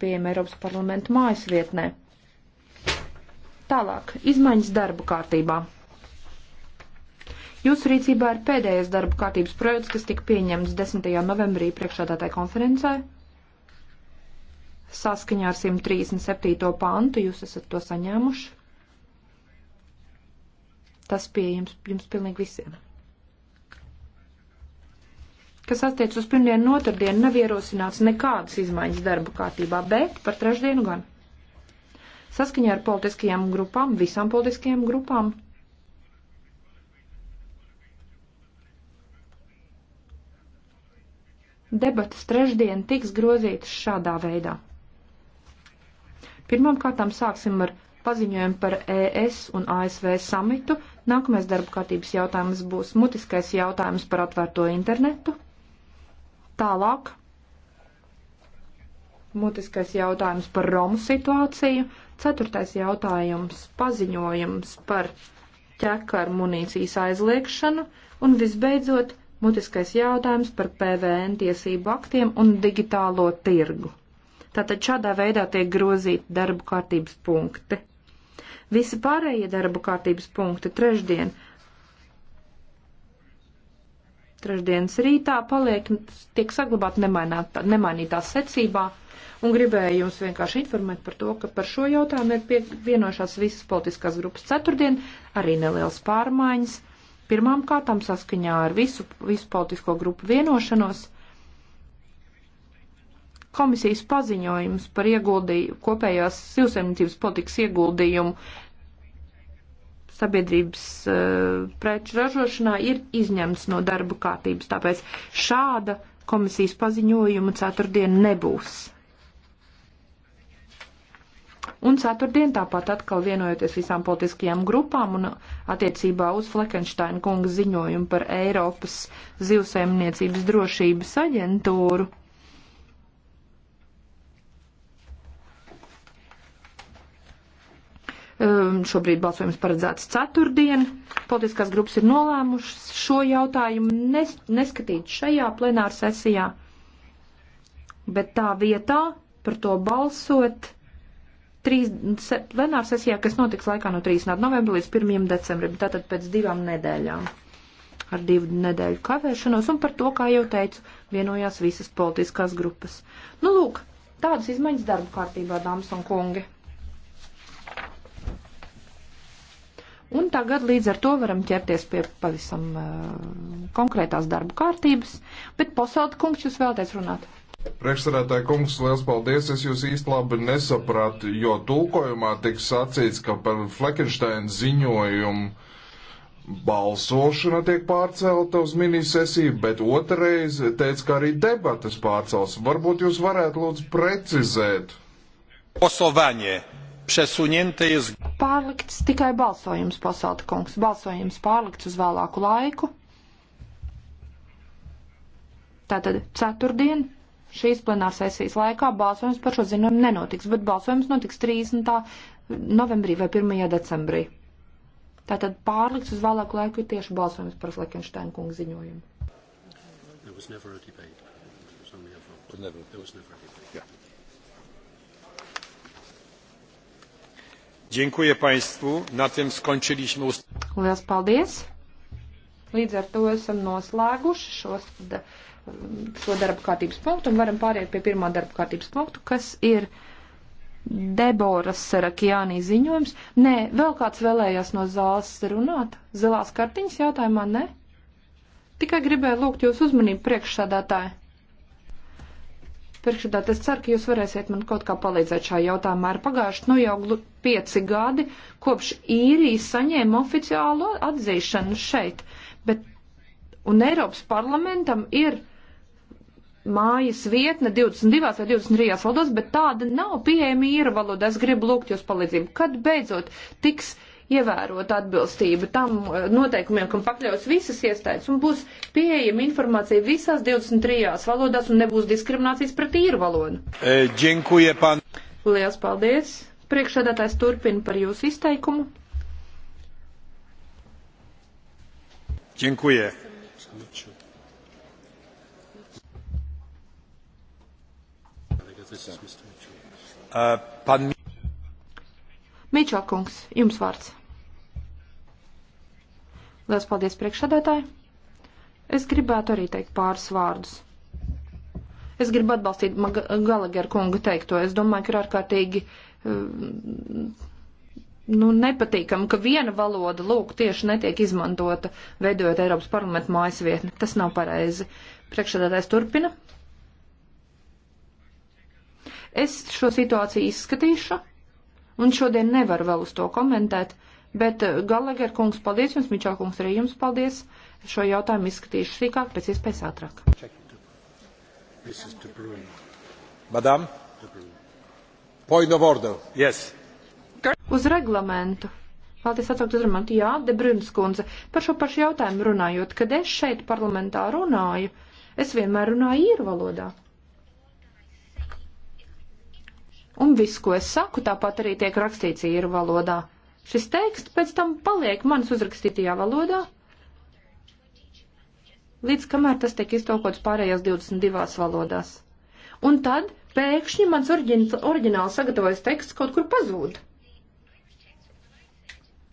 pieejama Eiropas parlamenta mājas Tālāk, izmaiņas darba kārtībā. Jūsu rīcībā ir pēdējais darba kārtības projekts, kas tika pieņemts 10. novembrī priekšādātāja konferencē. Saskaņā ar 137. pantu jūs esat to saņēmuši. Tas pieejams jums pilnīgi visiem kas attiec uz pirmdienu un otrdienu, nav ierosināts nekādas izmaiņas darba kārtībā, bet par trešdienu gan. Saskaņā ar politiskajām grupām, visām politiskajām grupām, debatas trešdien tiks grozītas šādā veidā. Pirmām kārtām sāksim ar paziņojumu par ES un ASV samitu. Nākamais darba kārtības jautājums būs mutiskais jautājums par atvērto internetu. Tālāk mutiskais jautājums par Romu situāciju, ceturtais jautājums paziņojums par ķekaru munīcijas aizliekšanu un visbeidzot mutiskais jautājums par PVN tiesību aktiem un digitālo tirgu. Tātad šādā veidā tiek grozīti darbu kārtības punkti. Visi pārējie darbu kārtības punkti trešdien trešdienas rītā paliek, tiek saglabāti nemainītā secībā. Un gribēju jums vienkārši informēt par to, ka par šo jautājumu ir pie, vienošās visas politiskās grupas ceturtdien, arī nelielas pārmaiņas. Pirmām kārtām saskaņā ar visu, visu politisko grupu vienošanos komisijas paziņojums par ieguldīju, kopējās sivsaimniecības politikas ieguldījumu sabiedrības eh, preču ražošanā ir izņemts no darba kārtības. Tāpēc šāda komisijas paziņojuma ceturtdien nebūs. Un ceturtdien tāpat atkal vienojoties visām politiskajām grupām un attiecībā uz Fleckensteina kunga ziņojumu par Eiropas zivsaimniecības drošības aģentūru Um, šobrīd balsojums paredzēts ceturtdien. Politiskās grupas ir nolēmušas šo jautājumu nes neskatīt šajā plenāra sesijā, bet tā vietā par to balsot trīs se, plenāra sesijā, kas notiks laikā no 3. novembra līdz 1. decembrim, tātad pēc divām nedēļām ar divu nedēļu kavēšanos, un par to, kā jau teicu, vienojās visas politiskās grupas. Nu, lūk, tādas izmaiņas darba kārtībā, dāmas un kungi. Un tagad līdz ar to varam ķerties pie pavisam uh, konkrētās darba kārtības. Bet posauta kungs, jūs vēlaties runāt? Priekšsarētāji kungs, liels paldies, es jūs īsti labi nesapratu, jo tulkojumā tika sacīts, ka par Fleckensteina ziņojumu balsošana tiek pārcelta uz minisesiju, bet otrreiz teica, ka arī debatas pārcels. Varbūt jūs varētu lūdzu precizēt. Posowanie przesunięte jest pārlikts tikai balsojums, pasaulta kungs. Balsojums pārlikts uz vēlāku laiku. Tātad ceturtdien šīs plenārsesijas laikā balsojums par šo ziņojumu nenotiks, bet balsojums notiks 30. novembrī vai 1. decembrī. Tātad pārlikts uz vēlāku laiku ir tieši balsojums par Fleckensteina kungu ziņojumu. There was never a debate. There was only a vote. There was never a debate. Yeah. Dziękuję Państwu. Na tym skończyliśmy. Lielas paldies. Līdz ar to esam noslēguši šos, šo darba kārtības punktu un varam pāriet pie pirmā darba kārtības punktu, kas ir Deboras Sarakjānī ziņojums. Nē, vēl kāds vēlējās no zāles runāt? Zilās kartiņas jautājumā, ne? Tikai gribēju lūgt jūs uzmanību priekšsādātāji. Priekšādā es ceru, ka jūs varēsiet man kaut kā palīdzēt šā jautājumā. Ir pagājuši nu jau pieci gadi, kopš īrija saņēma oficiālu atzīšanu šeit. Bet, un Eiropas parlamentam ir mājas vietne 22 vai 23 valodās, bet tāda nav pieejama īra valoda. Es gribu lūgt jūs palīdzību. Kad beidzot tiks ievērot atbilstību tam eh, noteikumiem, kam pakļaus visas iestādes un būs pieejama informācija visās 23 valodās un nebūs diskriminācijas pret īru valodu. E, džinkuje, pan... Lielas paldies! Priekšsēdētājs turpina par jūsu izteikumu. Dziękuję. E, pan Mičo kungs, jums vārds. Lielas paldies priekšsēdētāji. Es gribētu arī teikt pāris vārdus. Es gribu atbalstīt Galagera kunga teikto. Es domāju, ka ir ārkārtīgi eh, nu, nepatīkam, ka viena valoda, lūk, tieši netiek izmantota, veidojot Eiropas parlamentu mājas vietni. Tas nav pareizi. Priekšsēdētājs turpina. Es šo situāciju izskatīšu, un šodien nevaru vēl uz to komentēt, Bet eh, Gallagher kungs, paldies jums, Mičā kungs, arī jums paldies. Šo jautājumu izskatīšu sīkāk, pēc iespējas ātrāk. Madam, point of order. Yes. Uz reglamentu. Paldies atsaukt uz reglamentu. Jā, De Bruns kundze, par šo pašu jautājumu runājot, kad es šeit parlamentā runāju, es vienmēr runāju īru valodā. Un viss, ko es saku, tāpat arī tiek rakstīts īru valodā. Šis teksts pēc tam paliek manas uzrakstītajā valodā, līdz kamēr tas tiek iztolkots pārējās 22 valodās. Un tad pēkšņi mans oriģināli sagatavojas teksts kaut kur pazūd.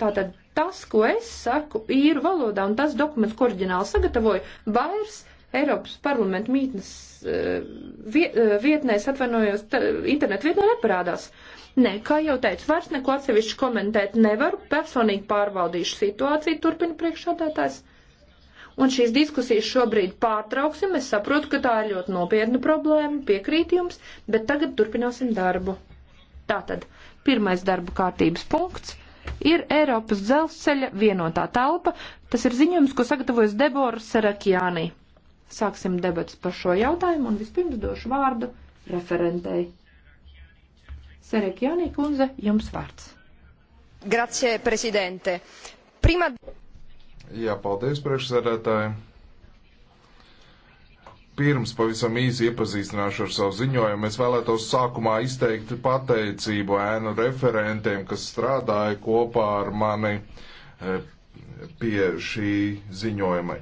Tātad tas, ko es saku īru valodā, un tas dokuments, ko oriģināli sagatavoju, vairs Eiropas parlamenta mītnes eh, eh, vietnēs, atvainojos, internetu vietnē neparādās. Nē, kā jau teicu, vairs neko atsevišķi komentēt nevaru, personīgi pārvaldīšu situāciju, turpina priekšādātājs. Un šīs diskusijas šobrīd pārtrauksim, es saprotu, ka tā ir ļoti nopietna problēma, piekrīt jums, bet tagad turpināsim darbu. Tātad, pirmais darba kārtības punkts ir Eiropas dzelzceļa vienotā telpa, tas ir ziņojums, ko sagatavojas Debora Sarakjānija. Sāksim debats par šo jautājumu un vispirms došu vārdu referentei. Serek Jānī kundze, jums vārds. Grazie, prezidente. Prima... Jā, paldies, priekšsēdētāji. Pirms pavisam īsi iepazīstināšu ar savu ziņojumu, es vēlētos sākumā izteikt pateicību ēnu referentiem, kas strādāja kopā ar mani eh, pie šī ziņojuma.